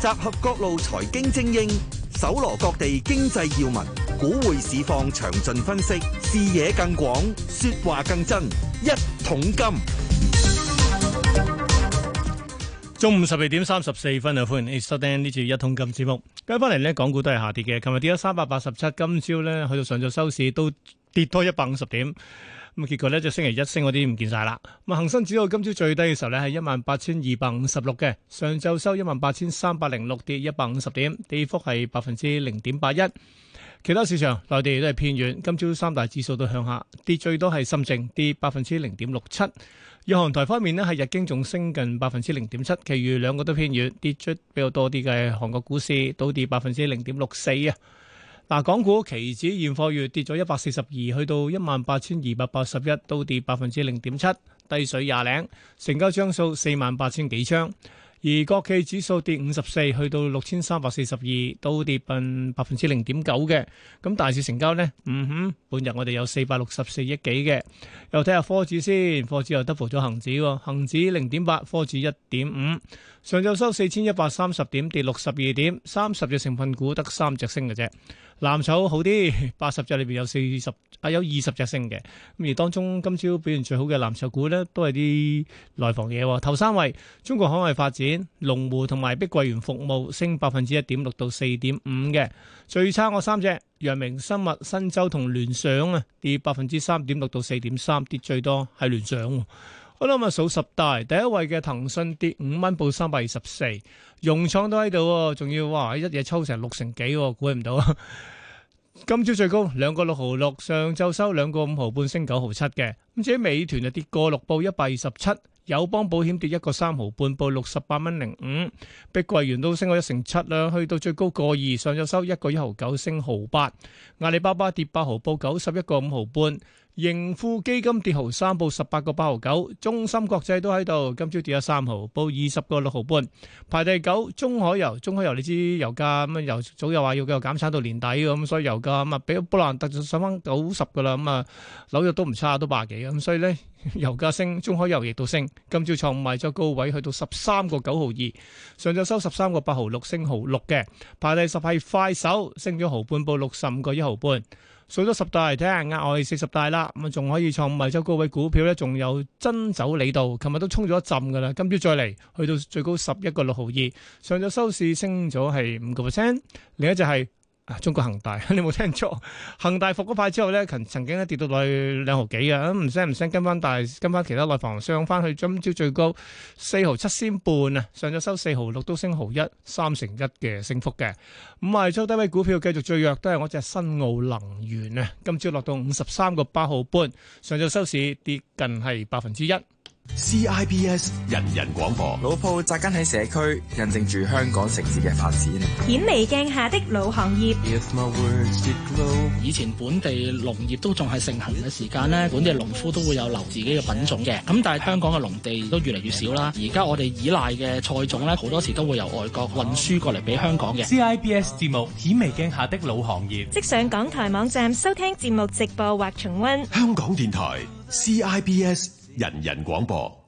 集合各路財經精英，搜羅各地經濟要聞，股匯市況詳盡分析，視野更廣，說話更真。一桶金，中午十二點三十四分啊！歡迎收聽呢次一桶金節目。跟翻嚟呢，港股都係下跌嘅，琴日跌咗三百八十七，今朝呢去到上晝收市都跌多一百五十點。咁結果呢，就星期一升嗰啲唔見晒啦。咁恒生指數今朝最低嘅時候呢係一萬八千二百五十六嘅，上晝收一萬八千三百零六，跌一百五十點，跌幅係百分之零點八一。其他市場內地亦都係偏軟，今朝三大指數都向下，跌最多係深證跌百分之零點六七。日韓台方面呢，係日經仲升近百分之零點七，其餘兩個都偏軟，跌出比較多啲嘅韓國股市倒跌百分之零點六四啊。嗱，港股期指現貨月跌咗一百四十二，去到一萬八千二百八十一，都跌百分之零點七，低水廿零，成交張數四萬八千幾張。而國企指數跌五十四，去到六千三百四十二，都跌近百分之零點九嘅。咁大市成交呢，嗯哼，本日我哋有四百六十四億幾嘅。又睇下科指先，科指又 double 咗恒指，恒指零點八，科指一點五。上晝收四千一百三十點，跌六十二點，三十隻成分股得三隻升嘅啫。藍籌好啲，八十隻裏邊有四十啊，有二十隻升嘅。咁而當中今朝表現最好嘅藍籌股呢，都係啲內房嘢。頭三位，中國海外發展、龍湖同埋碧桂園服務升百分之一點六到四點五嘅。最差嗰三隻，陽明生物、新洲同聯想啊，跌百分之三點六到四點三，跌最多係聯想。好啦，咁數十大，第一位嘅騰訊跌五蚊，報三百二十四。融創都喺度，仲要哇，一夜抽成六成幾，估唔到。呵呵今朝最高兩個六毫六，上晝收兩個五毫半，升九毫七嘅。咁至於美團就跌個六，報一百二十七。友邦保險跌一個三毫半，報六十八蚊零五。碧桂園都升過一成七啦，去到最高個二，上晝收一個一毫九，升毫八。阿里巴巴跌八毫，報九十一個五毫半。盈富基金跌毫三，報十八個八毫九。中芯國際都喺度，今朝跌咗三毫，報二十個六毫半，排第九。中海油，中海油你知油價咁啊，油早又話要繼續減產到年底咁，所以油價咁啊，畀布蘭特上返九十噶啦，咁啊紐約都唔差，都百幾嘅。咁所以咧，油價升，中海油亦都升。今朝創賣咗高位，去到十三個九毫二。上晝收十三個八毫六，升毫六嘅。排第十係快手，升咗毫半，報六十五個一毫半。數咗十大睇下額外四十大啦，咁啊仲可以創五十周高位股票咧，仲有真酒，理度琴日都衝咗一浸噶啦，今朝再嚟去到最高十一個六毫二，上晝收市升咗係五個 percent，另一就係。啊！中國恒大，你冇聽錯，恒大復嗰派之後咧，曾曾經咧跌到落去兩毫幾呀，咁唔聲唔聲跟翻，大跟翻其他內房上翻去，今朝最高四毫七仙半啊！上晝收四毫六，都升毫一，三成一嘅升幅嘅。咁啊，周低位股票繼續最弱，都係我隻新奧能源啊！今朝落到五十三個八毫半，上晝收市跌近係百分之一。CIBS 人人廣播，老鋪扎根喺社區，印證住香港城市嘅發展。顯微鏡下的老行業。Glow, 以前本地農業都仲係盛行嘅時間咧，glow, 本地農夫都會有留自己嘅品種嘅。咁但係香港嘅農地都越嚟越少啦。而家我哋依賴嘅菜種咧，好多時都會由外國運輸過嚟俾香港嘅。CIBS 節目顯微鏡下的老行業，即上港台網站收聽節目直播或重溫。香港電台 CIBS。C I B S, 人人廣播。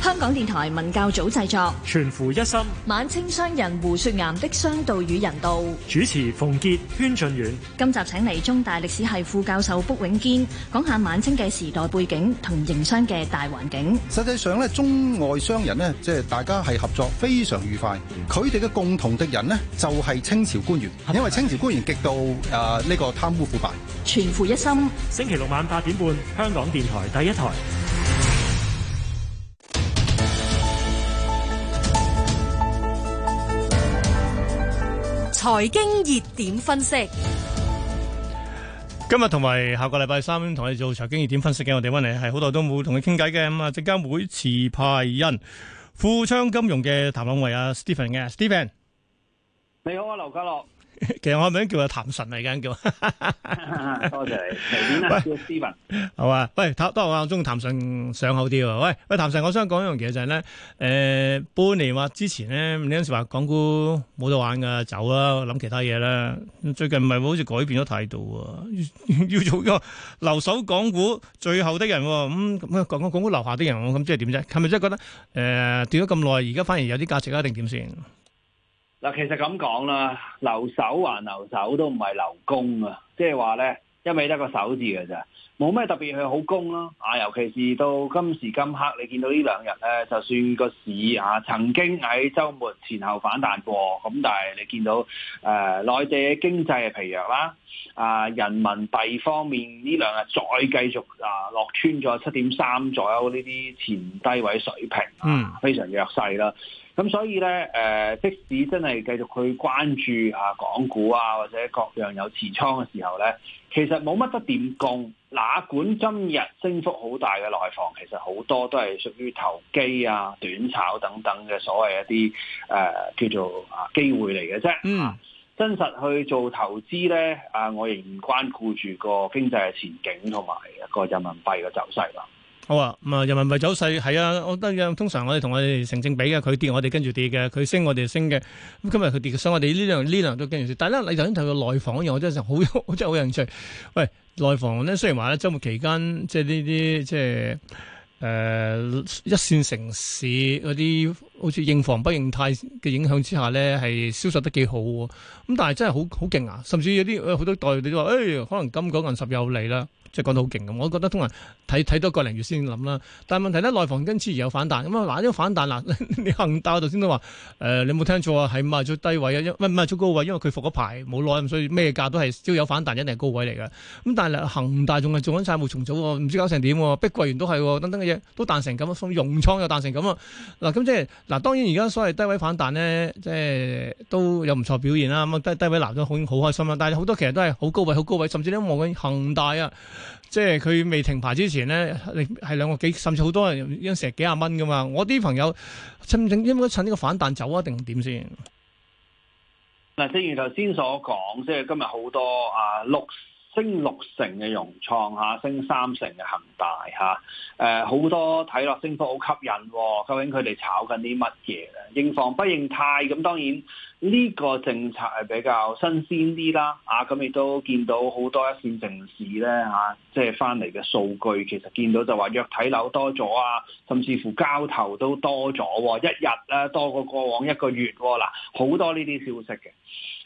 香港電台文教組製作，全乎一心。晚清商人胡雪岩的商道與人道，主持馮杰、軒俊遠。今集請嚟中大歷史系副教授卜永堅，講下晚清嘅時代背景同營商嘅大環境。實際上咧，中外商人咧，即係大家係合作非常愉快。佢哋嘅共同敵人咧，就係清朝官員，吧因為清朝官員極度誒呢、啊呢個貪污腐敗。全乎一心。星期六晚八點半，香港電台第一台。財經熱點分析，今日同埋下個禮拜三同你做財經熱點分析嘅，我哋温嚟係好耐都冇同你傾偈嘅，咁啊證監會持牌人富昌金融嘅譚朗蔚啊 Stephen 嘅 Stephen 你好啊劉家樂。 其實我唔想叫阿譚神嚟，而叫多謝你隨便啦，叫思文係嘛？喂，當我眼中譚神上口啲喎。喂喂，譚神，我想講一樣嘢就係、是、咧，誒、呃，半年話之前咧，你有陣時話港股冇得玩噶，走啦、啊，諗其他嘢啦。最近唔係好似改變咗態度啊？要，要做個留守港股最後的人、啊，咁、嗯、咁，港港股留下的人、啊，我咁即係點啫？係咪即係覺得誒跌咗咁耐，而、呃、家反而有啲價值咧？定點先？嗱，其實咁講啦，留守還留守都唔係留工啊，即係話咧，因為得個守字嘅啫，冇咩特別去好工咯啊！尤其是到今時今刻，你見到呢兩日咧，就算個市啊曾經喺週末前後反彈過，咁但係你見到誒、呃、內地嘅經濟疲弱啦，啊人民幣方面呢兩日再繼續啊落穿咗七點三左右呢啲前低位水平、啊，嗯，非常弱勢啦。咁所以咧，誒、呃，即使真係繼續去關注啊港股啊或者各樣有持倉嘅時候咧，其實冇乜得點講。哪管今日升幅好大嘅內房，其實好多都係屬於投機啊、短炒等等嘅所謂一啲誒、呃、叫做啊機會嚟嘅啫。嗯、mm，hmm. 真實去做投資咧，啊，我仍然關顧住個經濟嘅前景同埋一個人民幣嘅走勢啦。好啊，咁啊，人民幣走勢係啊，我覺得通常我哋同我哋成正比嘅，佢跌我哋跟住跌嘅，佢升我哋升嘅。咁今日佢跌，所以我哋呢兩呢兩,兩都跟住跌。但係咧，你頭先提到內房嗰樣，我真係好，我真係好有興趣。喂，內房咧，雖然話咧週末期間即係呢啲即係誒、呃、一線城市嗰啲好似認房不認貸嘅影響之下咧係銷售得幾好喎、啊。咁但係真係好好勁啊！甚至有啲好、呃、多代理都話誒、欸，可能金九銀十又嚟啦。即係講到好勁咁，我覺得通常睇睇多個零月先諗啦。但係問題咧，內房今次有反彈咁啊，嗱、嗯、啲反彈嗱、 呃，你恒大頭先都話誒，你冇聽錯啊，係唔係最低位啊，一唔係最高位，因為佢復牌冇耐，所以咩價都係只有，有反彈，一定係高位嚟嘅。咁、嗯、但係恒大仲係做緊債務重組喎，唔知搞成點，碧桂園都係等等嘅嘢都彈成咁，融融創又彈成咁啊！嗱、嗯，咁即係嗱，當然而家所謂低位反彈咧，即係都有唔錯表現啦。咁、嗯嗯、低低位嗱都好好開心啦。但係好多其實都係好高位，好高位，甚至都望緊恒大啊！即係佢未停牌之前咧，係兩個幾，甚至好多人已成幾廿蚊噶嘛。我啲朋友趁正應該趁呢個反彈走啊，定點先？嗱，正如頭先所講，即係今日好多啊，六升六成嘅融創，下、啊、升三成嘅恒大嚇，誒、啊、好、啊、多睇落升幅好吸引喎、啊。究竟佢哋炒緊啲乜嘢咧？認房不認貸咁，當然。呢個政策係比較新鮮啲啦，啊咁亦都見到好多一線城市咧嚇、啊，即係翻嚟嘅數據，其實見到就話約睇樓多咗啊，甚至乎交投都多咗，一日咧多過過往一個月嗱，好、啊、多呢啲消息嘅。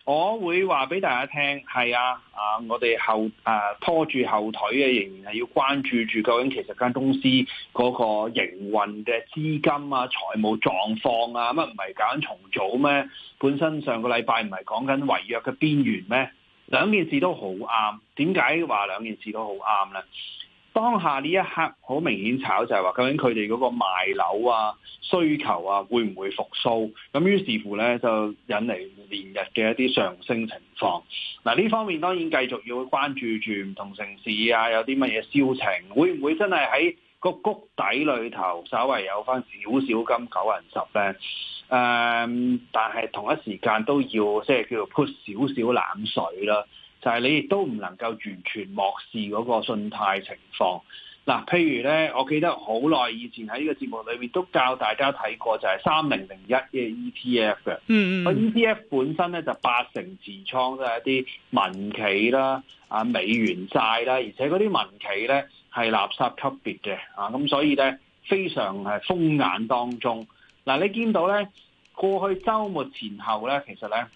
我會話俾大家聽，係啊啊，我哋後啊拖住後腿嘅、啊，仍然係要關注住究竟其實間公司嗰個營運嘅資金啊、財務狀況啊，乜唔係搞緊重組咩？本身上個禮拜唔係講緊違約嘅邊緣咩？兩件事都好啱，點解話兩件事都好啱咧？當下呢一刻好明顯炒就係話究竟佢哋嗰個賣樓啊需求啊會唔會復甦？咁於是乎咧就引嚟連日嘅一啲上升情況。嗱呢方面當然繼續要去關注住唔同城市啊有啲乜嘢銷情，會唔會真係喺個谷底裏頭稍微有翻少少金九銀十咧，誒、嗯，但係同一時間都要即係叫做潑少少冷水啦。就係、是、你亦都唔能夠完全漠視嗰個信貸情況。嗱、啊，譬如咧，我記得好耐以前喺呢個節目裏面都教大家睇過，就係三零零一嘅 ETF 嘅。嗯嗯。ETF 本身咧就八成持倉都係、就是、一啲民企啦、啊美元債啦、啊，而且嗰啲民企咧。係垃圾級別嘅啊，咁所以咧，非常係風眼當中。嗱、啊，你見到咧過去週末前後咧，其實咧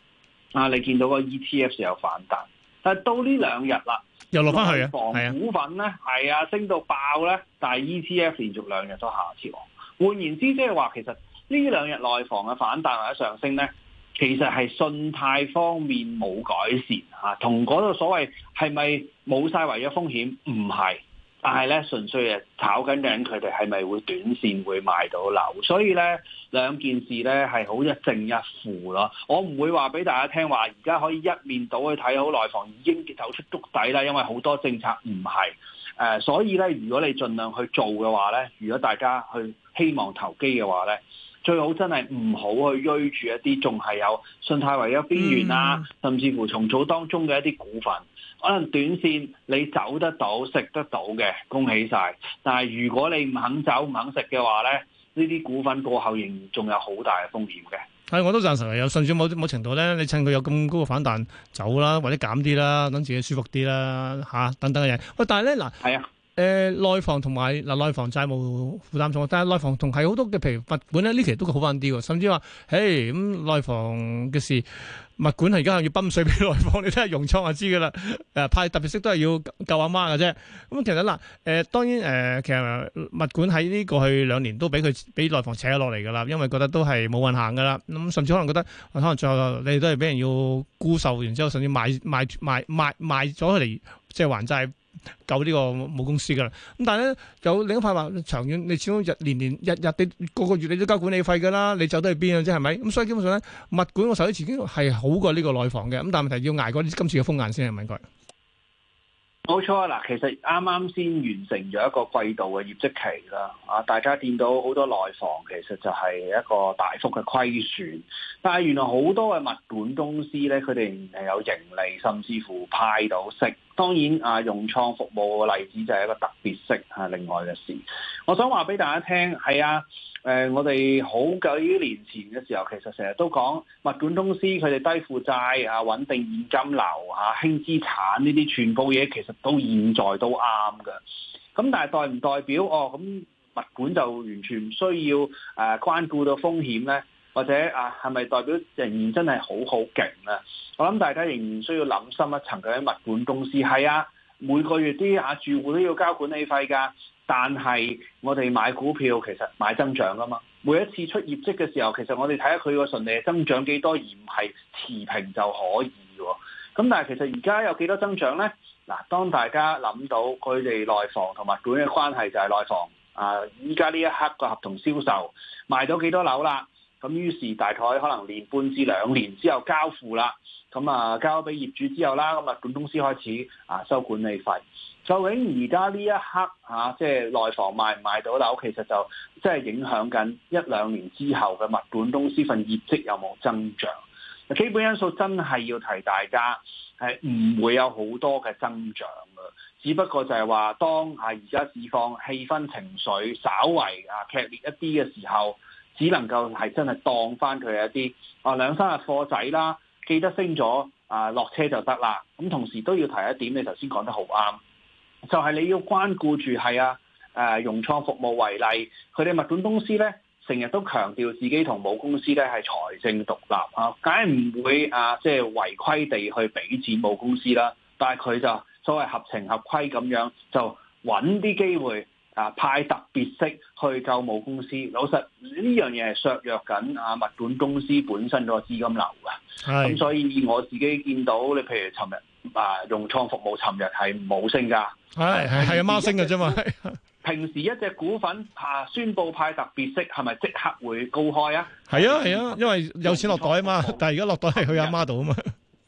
啊，你見到個 ETF 有反彈，但係到呢兩日啦，又落翻去啊。房股份咧係啊，升到爆咧，但係 ETF 連續兩日都下跌。換言之，即係話其實呢兩日內房嘅反彈或者上升咧，其實係信貸方面冇改善啊，同嗰個所謂係咪冇晒違約風險唔係。但係咧，純粹係炒緊嘅人，佢哋係咪會短線會賣到樓？所以咧，兩件事咧係好一正一負咯。我唔會話俾大家聽話，而家可以一面倒去睇好內房已經走出谷底啦，因為好多政策唔係誒，所以咧，如果你盡量去做嘅話咧，如果大家去希望投機嘅話咧。最好真係唔好去追住一啲仲係有信貸為咗邊緣啊，嗯、甚至乎重組當中嘅一啲股份，可能短線你走得到食得到嘅，恭喜晒！但係如果你唔肯走唔肯食嘅話呢，呢啲股份過後仍然仲有好大風險嘅。係，我都贊成嘅。有甚至某某程度呢，你趁佢有咁高嘅反彈走啦，或者減啲啦，等自己舒服啲啦，嚇、啊、等等嘅嘢。喂，但係呢，嗱。係啊。誒、呃，內房同埋嗱，內房債務負擔重，但係內房同係好多嘅，譬如物管咧，呢期都好返啲喎，甚至話，嘿咁、嗯、內房嘅事，物管係而家要泵水俾內房，你睇下容創就知噶啦，誒、呃、派特別息都係要救阿媽嘅啫。咁其實嗱，誒當然誒，其實,、呃呃其實呃、物管喺呢過去兩年都俾佢俾內房扯落嚟噶啦，因為覺得都係冇運行噶啦，咁、嗯、甚至可能覺得、呃、可能最後你哋都係俾人要沽售，然之後甚至賣賣賣賣賣咗佢嚟即係還債。救呢個冇公司噶啦，咁但係咧有另一派話，長遠，你始終日年年日日你個個月你都交管理費噶啦，你走得去邊啊？啫，係咪？咁所以基本上咧，物管我睇啲前景係好過呢個內房嘅，咁但係問題要挨過今次嘅風眼先，係咪應該，冇錯啊！嗱，其實啱啱先完成咗一個季度嘅業績期啦，啊，大家見到好多內房其實就係一個大幅嘅虧損，但係原來好多嘅物管公司咧，佢哋係有盈利，甚至乎派到息。當然啊，融創服務個例子就係一個特別式嚇、啊，另外嘅事。我想話俾大家聽，係啊，誒、呃，我哋好幾年前嘅時候，其實成日都講物管公司佢哋低負債啊、穩定現金流啊、輕資產呢啲，全部嘢其實都現在都啱㗎。咁但係代唔代表哦咁物管就完全唔需要誒、啊、關顧到風險咧？或者啊，係咪代表仍然真係好好勁咧？我諗大家仍然需要諗深一層嗰啲物管公司。係啊，每個月啲啊住戶都要交管理費㗎。但係我哋買股票，其實買增長㗎嘛。每一次出業績嘅時候，其實我哋睇下佢個純利增長幾多，而唔係持平就可以。咁，啊，但係其實而家有幾多增長咧？嗱，啊，當大家諗到佢哋內房同物管嘅關係就係內房啊，依家呢一刻個合同銷售賣到幾多樓啦？咁於是大概可能年半至兩年之後交付啦，咁啊交俾業主之後啦，咁物管公司開始啊收管理費。究竟而家呢一刻嚇，即、啊、係、就是、內房賣唔賣到樓，其實就即係影響緊一兩年之後嘅物管公司份業績有冇增長？基本因素真係要提大家係唔會有好多嘅增長嘅，只不過就係話當啊而家市況氣氛情緒稍為啊劇烈一啲嘅時候。只能夠係真係當翻佢係一啲啊兩三日貨仔啦，記得升咗啊落車就得啦。咁、嗯、同時都要提一點，你頭先講得好啱，就係、是、你要關顧住係啊誒融、啊啊、創服務為例，佢哋物管公司咧成日都強調自己同母公司咧係財政獨立啊，梗係唔會啊即係、就是、違規地去俾錢母公司啦、啊。但係佢就所謂合情合規咁樣就揾啲機會。啊派特別息，去救母公司，老實，呢樣嘢係削弱緊啊物管公司本身嗰個資金流噶。咁是所以以我自己見到，你譬如尋日啊融創服務尋日係冇升噶，係係啊，阿媽平時 升嘅啫嘛。 平時一隻股份啊宣佈派特別息，係咪即刻會高開啊？係啊係啊，因為有錢落袋啊嘛。但係而家落袋係去阿媽度啊嘛。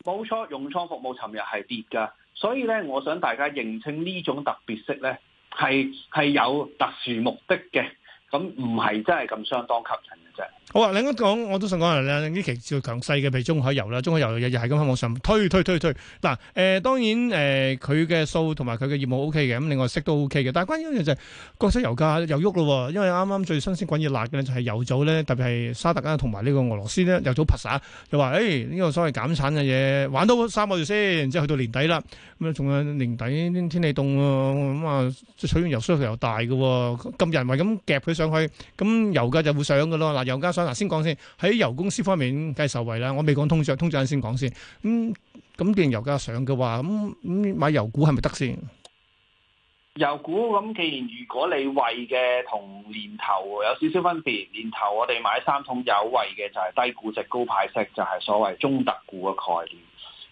冇錯，融創服務尋日係跌噶，所以咧，我想大家認清呢種特別息咧。係係有特殊目的嘅，咁唔係真係咁相當吸引嘅啫。好啊！另一講，我都想講下咧。呢期最強勢嘅譬如中海油啦，中海油日日係咁喺網上推推推推。嗱，誒、啊呃、當然誒佢嘅數同埋佢嘅業務 O K 嘅，咁另外息都 O K 嘅。但係關鍵嘅就係國際油價又喐咯，因為啱啱最新鮮滾熱辣嘅咧就係、是、油組咧，特別係沙特啊同埋呢個俄羅斯咧，油組拍散又話誒呢個所謂減產嘅嘢玩到三個月先，然之後去到年底啦，咁啊仲有年底天氣凍啊嘛，嗯、啊就取用油需求又大嘅喎、啊，咁人為咁夾佢上去，咁油價就會上嘅咯。嗱、啊，油價上先講先喺油公司方面，梗係受惠啦。我未講通脹，通脹先講先。咁、嗯、咁既然油價上嘅話，咁、嗯、咁買油股係咪得先？油股咁，既然如果你為嘅同年頭有少少分別，年頭我哋買三桶油，為嘅就係低估值高派息，就係、是、所謂中特股嘅概念。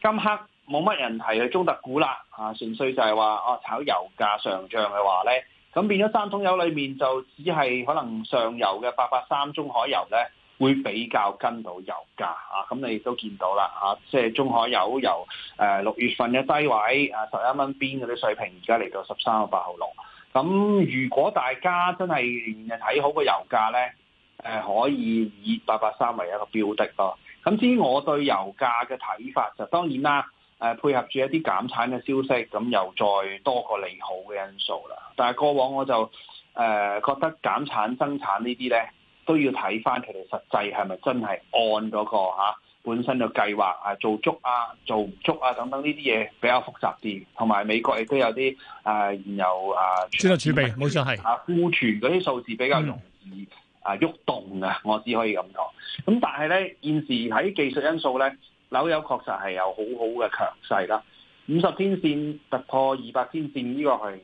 今刻冇乜人提去中特股啦，啊，純粹就係話哦，炒油價上漲嘅話咧。咁變咗三桶油裏面就只係可能上游嘅八八三中海油咧，會比較跟到油價啊！咁你都見到啦嚇、啊，即係中海油由誒六、呃、月份嘅低位啊十一蚊邊嗰啲水平，而家嚟到十三個八毫六。咁如果大家真係睇好個油價咧，誒、呃、可以以八八三為一個標的咯。咁、啊、至於我對油價嘅睇法就當然啦。誒，配合住一啲減產嘅消息，咁又再多個利好嘅因素啦。但係過往我就誒、呃、覺得減產、增產呢啲咧，都要睇翻佢哋實際係咪真係按嗰、嗰個、啊、本身嘅計劃啊做足啊、做唔足啊等等，呢啲嘢比較複雜啲。同埋美國亦都有啲誒然後啊，啊儲備冇錯係啊，庫存嗰啲數字比較容易、嗯、啊喐動啊，我只可以咁講。咁但係咧現時喺技術因素咧。紐油確實係有好好嘅強勢啦，五十天線突破二百天線呢個係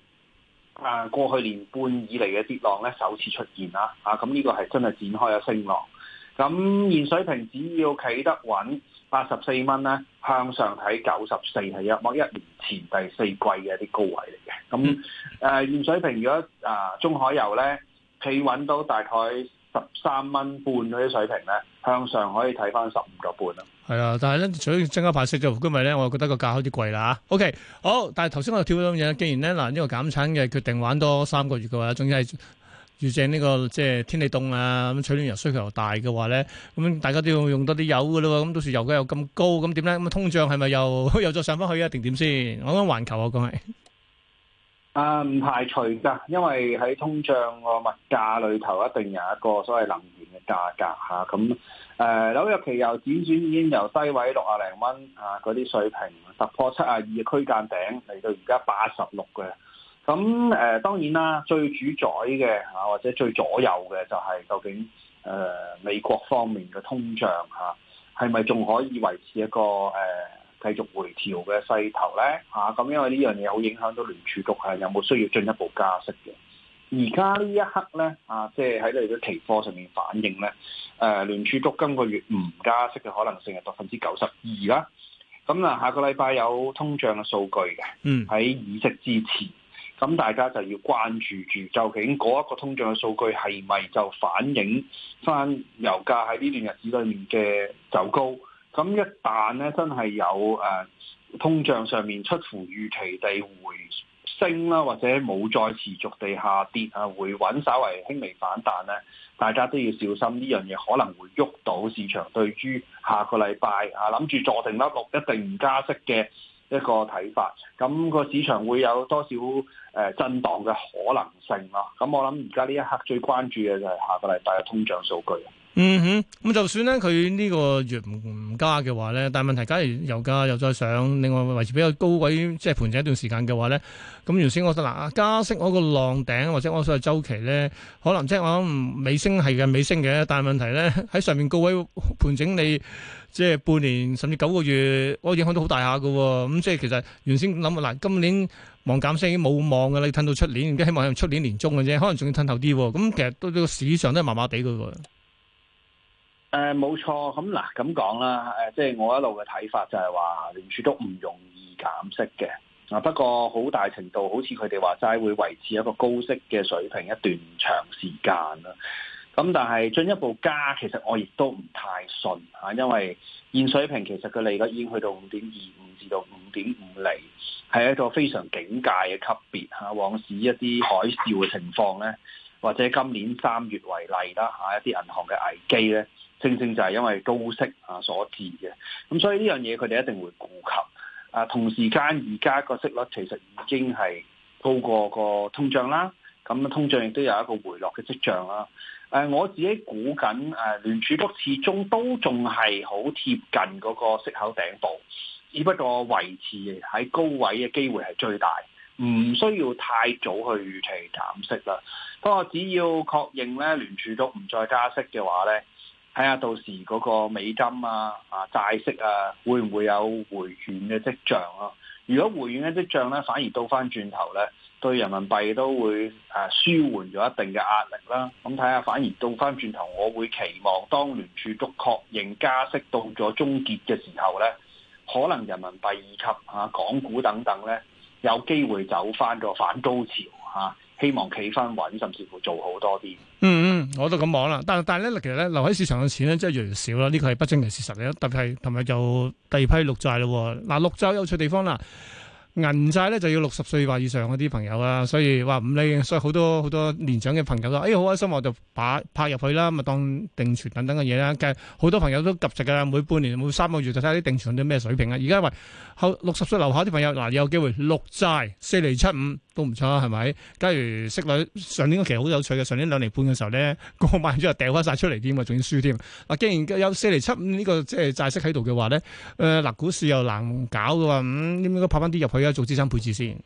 啊過去年半以嚟嘅跌浪咧首次出現啦，啊咁呢個係真係展開咗升浪。咁現水平只要企得穩八十四蚊咧，向上睇九十四係一望一年前第四季嘅一啲高位嚟嘅。咁誒、呃、現水平如果啊中海油咧企穩到大概十三蚊半嗰啲水平咧，向上可以睇返十五個半啊。係啊，但係咧，除咗增加派息之外，咁咪咧，我又覺得個價有啲貴啦吓。OK，好、哦，但係頭先我又跳咗樣嘢。既然咧嗱呢、這個減產嘅決定玩多三個月嘅話，仲要係預正呢個即係、呃、天氣凍啊，咁取暖油需求又大嘅話咧，咁、嗯、大家都要用多啲油噶啦。咁到時油價又咁高，咁點咧？咁、嗯、通脹係咪又又再上翻去啊？定點先？我講環球啊，講係啊，唔排除噶，因為喺通脹個物價裏頭一定有一個所謂能源嘅價格吓，咁、啊。嗯誒，紐約期油輾轉已經由低位六十零蚊啊嗰啲水平突破七十二嘅區間頂嚟到而家八十六嘅，咁誒，當然啦，最主宰嘅嚇或者最左右嘅就係、是、究竟誒、呃、美國方面嘅通脹嚇係咪仲可以維持一個誒、呃、繼續回調嘅勢頭咧嚇？咁因為呢樣嘢好影響到聯儲局係有冇需要進一步加息嘅。而家呢一刻呢，啊，即係喺你嘅期貨上面反應呢，誒、呃、聯儲局今個月唔加息嘅可能性係百分之九十二啦。咁嗱，下個禮拜有通脹嘅數據嘅，喺議息之前，咁大家就要關注住究竟嗰一個通脹嘅數據係咪就反映翻油價喺呢段日子裡面嘅走高？咁一旦呢，真係有誒、呃、通脹上面出乎預期地回升啦，或者冇再持續地下跌啊，會穩稍為輕微反彈咧，大家都要小心呢樣嘢可能會喐到市場。對於下個禮拜啊，諗住坐定粒六一定唔加息嘅一個睇法。咁個市場會有多少誒震盪嘅可能性咯？咁我諗而家呢一刻最關注嘅就係下個禮拜嘅通脹數據。嗯哼，咁就算咧，佢呢個月唔加嘅話咧，但係問題假如油價又再上，另外維持比較高位即係盤整一段時間嘅話咧，咁原先我覺得嗱，加息嗰個浪頂或者我所謂周期咧，可能即係我諗尾升係嘅尾升嘅，但係問題咧喺上面高位盤整你，你即係半年甚至九個月，我影響都好大下噶，哦。咁，嗯，即係其實原先諗嗱，今年望減息已經冇望噶啦，要褪到出年，希望喺出年年中嘅啫，可能仲要褪後啲。咁其實都呢個市場都係麻麻地噶。誒冇錯，咁嗱咁講啦，誒即係我一路嘅睇法就係話聯儲都唔容易減息嘅，啊不過好大程度好似佢哋話齋會維持一個高息嘅水平一段長時間啦。咁但係進一步加，其實我亦都唔太信嚇，因為現水平其實佢嚟緊已經去到五點二五至到五點五厘，係一個非常警戒嘅級別嚇。往時一啲海嘯嘅情況咧，或者今年三月為例啦嚇，一啲銀行嘅危機咧。正正就係因為高息啊，所致嘅，咁所以呢樣嘢佢哋一定會顧及啊。同時間，而家個息率其實已經係高過個通脹啦，咁通脹亦都有一個回落嘅跡象啦。誒、啊，我自己估緊誒聯儲局始終都仲係好貼近嗰個息口頂部，只不過維持喺高位嘅機會係最大，唔需要太早去預期減息啦。不過只要確認咧聯儲局唔再加息嘅話咧。睇下到時嗰個美金啊、啊債息啊，會唔會有回軟嘅跡象咯、啊？如果回軟嘅跡象咧，反而到翻轉頭咧，對人民幣都會誒、啊、舒緩咗一定嘅壓力啦。咁睇下，看看反而到翻轉頭，我會期望當聯儲局確認加息到咗終結嘅時候咧，可能人民幣以及啊、港股等等咧，有機會走翻個反高潮嚇。啊。希望企翻穩，甚至乎做好多啲。嗯嗯，我都咁講啦。但係但係咧，其實咧，留喺市場嘅錢咧，即係越嚟越少啦。呢個係不爭嘅事實嚟，特別係同埋就第二批綠債咯。嗱、啊，綠債有趣地方啦、啊。銀債咧就要六十歲或以上嗰啲朋友啦，所以話唔理，所以好多好多年長嘅朋友都，哎好開心，我就把拍入去啦，咪當定存等等嘅嘢啦。咁好多朋友都急值噶啦，每半年每三個月就睇下啲定存有啲咩水平啊。而家話後六十歲樓下啲朋友嗱、啊，有機會綠債四厘七五都唔錯，係咪？假如息率上年嗰期好有趣嘅，上年兩年半嘅時候咧，個買咗又掉翻晒出嚟添，咪仲要輸添。嗱、啊，既然有四厘七五呢個即係債息喺度嘅話咧，誒、啊、嗱、啊，股市又難搞嘅嘛，咁應該拍翻啲入去。而家做資產配置先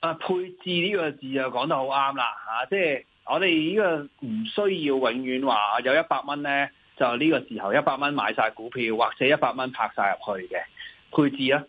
啊，配置呢個字就講得好啱啦嚇、啊，即係我哋呢個唔需要永遠話有一百蚊咧，就呢個時候一百蚊買晒股票，或者一百蚊拍晒入去嘅配置啦、啊。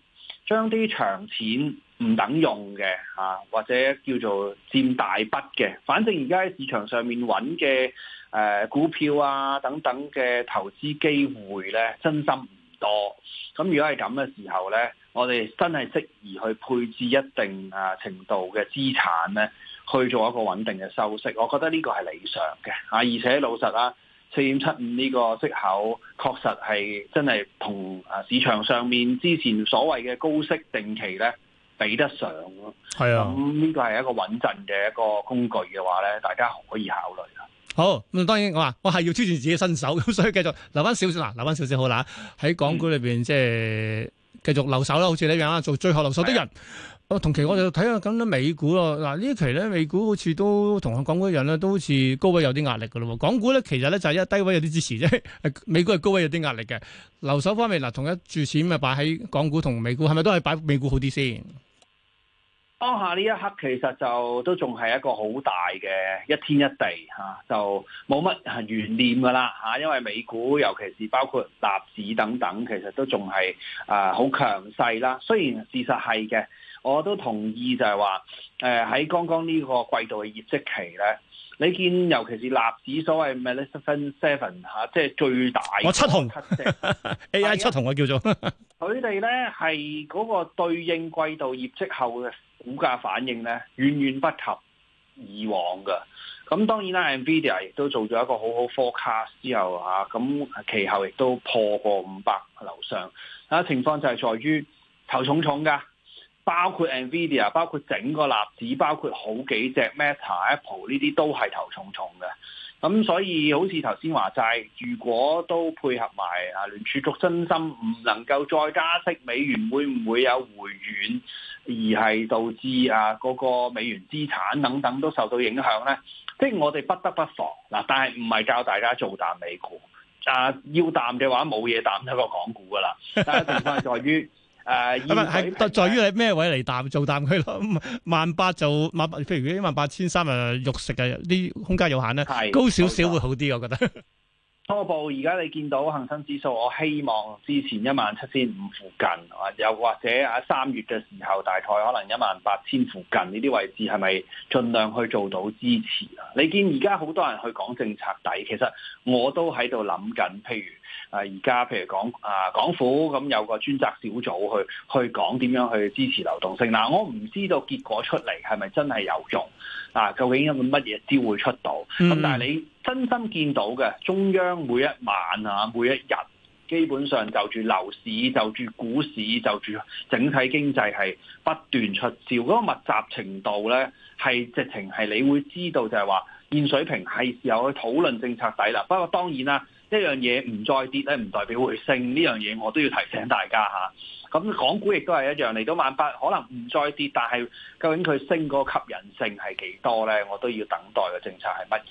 將啲長錢唔等用嘅嚇、啊，或者叫做佔大筆嘅，反正而家喺市場上面揾嘅誒股票啊等等嘅投資機會咧，真心唔多。咁如果係咁嘅時候咧，我哋真係適宜去配置一定啊程度嘅資產咧，去做一個穩定嘅收息。我覺得呢個係理想嘅啊，而且老實啦，四點七五呢個息口確實係真係同啊市場上面之前所謂嘅高息定期咧比得上咯。係啊，咁呢個係一個穩陣嘅一個工具嘅話咧，大家可以考慮啦。好，咁、嗯、當然我話我係要展示自己身手，咁所以繼續留翻少少嗱，留翻少少好啦。喺港股裏邊即係。繼續留守啦，好似你講啊，做最後留守的人。我、啊、同期我就睇下咁多美股咯。嗱，呢期咧美股好似都同港股一樣咧，都好似高位有啲壓力噶咯。港股咧其實咧就係一低位有啲支持啫。美股係高位有啲壓力嘅。留守方面嗱，同一注錢咪擺喺港股同美股，係咪都係擺美股好啲先？當下呢一刻其實就都仲係一個好大嘅一天一地嚇、啊，就冇乜懸念㗎喇嚇，因為美股尤其是包括納指等等，其實都仲係啊好強勢啦。雖然事實係嘅，我都同意就係話誒喺剛剛呢個季度嘅業績期咧，你見尤其是納指所謂 Magnificent Seven 嚇、啊，即係最大七我七同、 啊、AI 七 A I 七紅啊，叫做佢哋咧係嗰個對應季度業績後嘅。股價反應咧，遠遠不及以往㗎。咁當然啦，Nvidia 亦都做咗一個好好 forecast 之後嚇，咁其後亦都破過五百樓上。啊、那個，情況就係在於頭重重嘅，包括 Nvidia，包括整個納指，包括好幾隻 Meta、ata, Apple 呢啲都係頭重重嘅。咁、嗯、所以好似頭先話齋，如果都配合埋啊聯儲局真心唔能夠再加息，美元會唔會有回軟，而係導致啊個,個美元資產等等都受到影響咧？即係我哋不得不防嗱、啊，但係唔係教大家做淡美股啊？要淡嘅話，冇嘢淡一個港股噶啦，但係問題在於。誒，係咪係在於你咩位嚟，淡做淡區咯，萬八就萬八，譬如如萬八千三啊，肉食啊，啲空間有限咧，是高少少會好啲，我覺得。 初步而家你見到恒生指數，我希望之前一萬七千五附近，啊，又或者啊三月嘅時候，大概可能一萬八千附近呢啲位置，係咪盡量去做到支持啊？你見而家好多人去講政策底，其實我都喺度諗緊，譬如啊而家譬如講啊港府咁有個專責小組去去講點樣去支持流動性。嗱，我唔知道結果出嚟，係咪真係有用。啊，究竟有冇乜嘢招會出到？咁、嗯、但係你真心見到嘅中央每一晚啊，每一日，基本上就住樓市，就住股市，就住整體經濟係不斷出招。嗰、嗰個密集程度咧，係直情係你會知道就，就係話現水平係時候去討論政策底啦。不過當然啦，一樣嘢唔再跌咧，唔代表會升。呢樣嘢我都要提醒大家嚇。咁港股亦都係一樣，嚟到萬八，可能唔再跌，但係究竟佢升個吸引性係幾多咧？我都要等待嘅政策係乜嘢。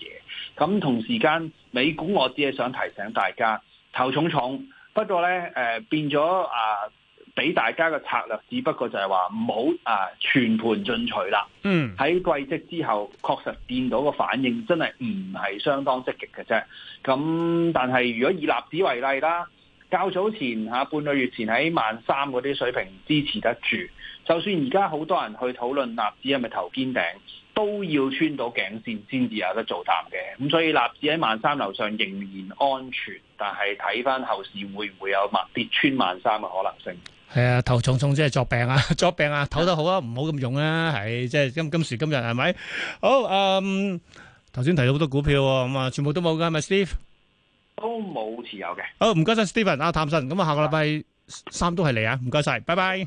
咁同時間美股，我只係想提醒大家頭重重。不過咧，誒、呃、變咗啊，俾、呃、大家嘅策略，只不過就係話唔好啊，全盤進取啦。嗯，喺季績之後，確實見到個反應真係唔係相當積極嘅啫。咁但係如果以立指為例啦。較早前嚇、啊、半個月前喺萬三嗰啲水平支持得住，就算而家好多人去討論納指係咪頭肩頂，都要穿到頸線先至有得做淡嘅。咁、嗯、所以納指喺萬三樓上仍然安全，但係睇翻後市會唔會有萬跌穿萬三嘅可能性？係啊，頭重重即係作病啊，作病啊！唞得好啊，唔好咁用啊。係即係今今時今日係咪？好，嗯，頭先提到好多股票喎，咁啊，全部都冇㗎，係咪，Steve？都冇持有嘅。好，oh, 啊，唔該晒 Stephen 阿譚神，咁啊下個禮拜三都係你啊，唔該晒，拜拜。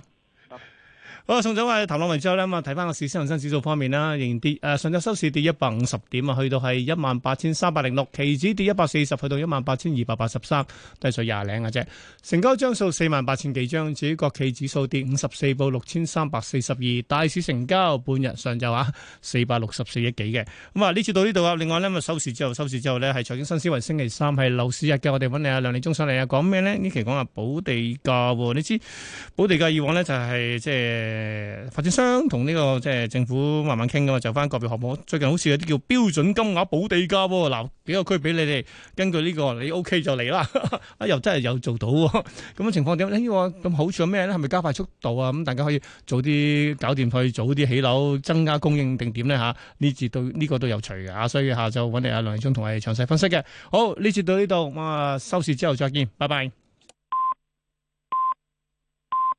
好，宋總啊，談論完之後呢，咁啊，睇翻個市，滬深指數方面啦，仍然跌，誒、呃，上晝收市跌一百五十點啊，去到係一萬八千三百零六，期指跌一百四十，去到一萬八千二百八十三，低咗廿零嘅啫。成交張數四萬八千幾張，至於國企指數跌五十四，報六千三百四十二，大市成交半日上就啊，四百六十四億幾嘅。咁、嗯、啊，呢次到呢度啊，另外呢，收市之後，收市之後呢，係財經新思維星期三係樓市日嘅，我哋揾你啊，梁利中上嚟啊，講咩呢？呢期講下保地價，你知保地價以往呢、就是，就係即係。誒，發展商同呢個即係政府慢慢傾噶嘛，就翻個別項目。最近好似有啲叫標準金額補地價，嗱幾個區俾你哋，根據呢、這個你 O、OK、K 就嚟啦。啊，又真係有做到，咁嘅情況點咧？咦、欸，咁好處有咩咧？係咪加快速度啊？咁、嗯、大家可以早啲搞掂，可以早啲起樓，增加供應定點咧吓？呢節到呢個都有趣噶，所以下晝揾你阿梁醫生同我詳細分析嘅。好，呢節到呢度，咁啊，收市之後再見，拜拜。